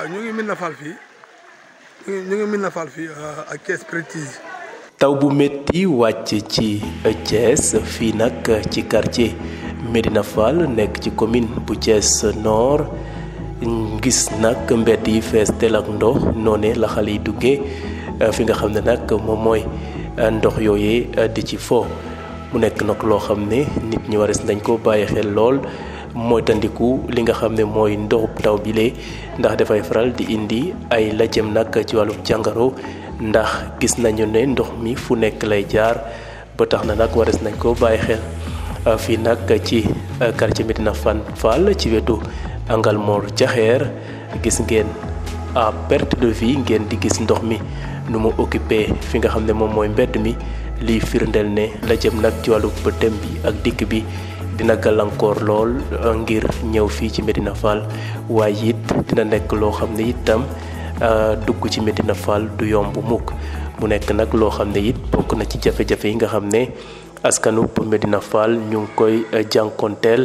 waaw ñu ngi Médina Fall fii euh, taw bu métti wàcc ci Thiès fii nag ci quartier Médina Fall nekk ci commune bu Thiès Nord gis nag mbedd yi fees tel ak ndox noonee la xale yi duggee euh, fi nga xam ne nag moom mooy euh, ndox yooyee di ci fo mu nekk nag loo xam ne nit ñi waris dañ ko bàyyi xel lool. moytandiku li nga xam ne mooy ndoxub taw bile ndax dafay faral di indi ay lajjëm nag ci wàllu jàngaro ndax gis nañu ne ndox mi fu nekk lay jaar ba tax na nag wares nañ ko bàyyi xel ah, fii nag ci ah, quartier Médina Fane Fall ci wetu Angalmor Jaxeer gis ngeen à perte de vue ngeen di gis ndox mi nu mu occupé fi nga xam ne moom mooy mbedd mi liy firndel ne la jëm nag ci wàllu bëtëm bi ak dikk bi dina gàllankoor lool euh, ngir ñëw fii ci medina fall waaye it dina nek loo xam itam euh, dugg ci medina fall du yomb mukk mu nekk nag it na ci jafe-jafe yi nga askanu medina fall ñu ngi koy euh, jànkonteel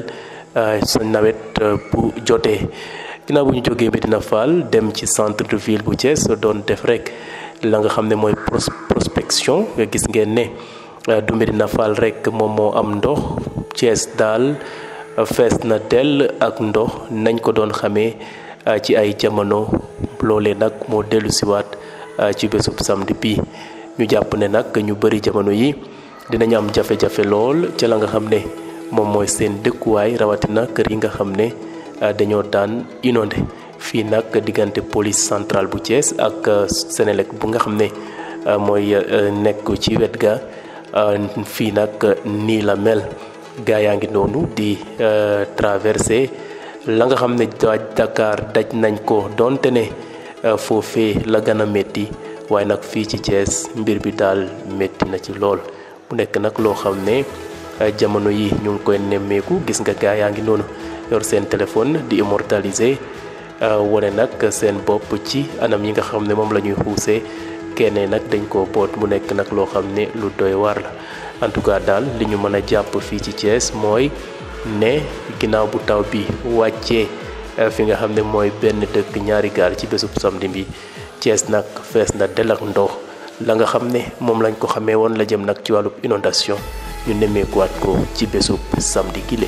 sa nawet bu jotee ginnaaw bu ñu medina fall dem ci centre de ville bu thiès doon def rek la nga xam ne mooy prospection nga gis ngeen ne euh, du Médina Fall rek moom moo am ndox Thiès daal euh, fees na dell ak ndox nañ ko doon xamee euh, ci ay jamono loole nag moo dellu siwaat ci bésu samedi bi ñu jàpp ne nag ñu bëri jamono yi dinañ am jafe-jafe lool ca la nga xam ne moom mooy seen dëkkuwaay rawatina kër yi nga xam ne dañoo daan inondé fii nag diggante police central bu Thiès ak euh, Sénélec bu nga xam ne euh, mooy euh, nekk ci wet ga fii nag nii la mel gaa yaa ngi noonu di traversé la nga xam ne daaj Dakar daj nañ ko donte ne foofee la gën a métti waaye nag fii ci Thiès mbir bi daal métti na ci lool mu nekk nag loo xam ne jamono yi ñu ngi koy nemmeeku gis nga gaa yaa ngi noonu yor seen téléphone di immortaliser Euh, wane nag seen bopp ci anam yi nga xam ne moom la ñuy xuusee kenn nag dañ ko boot mu nekk nag loo xam ne lu doy waar la en tout cas daal li ñu mën a jàpp fii ci cees mooy ne ginnaaw bu taw bi wàccee euh, fi nga xam ne mooy benn dëkk ñaari gaal ci bésub samedi bi cees nag fees na del ak ndox la nga xam ne moom lañ ko xamee woon la jëm nag ci wàllub inondation ñu nemmeekuwaat ko ci bésub samedi gile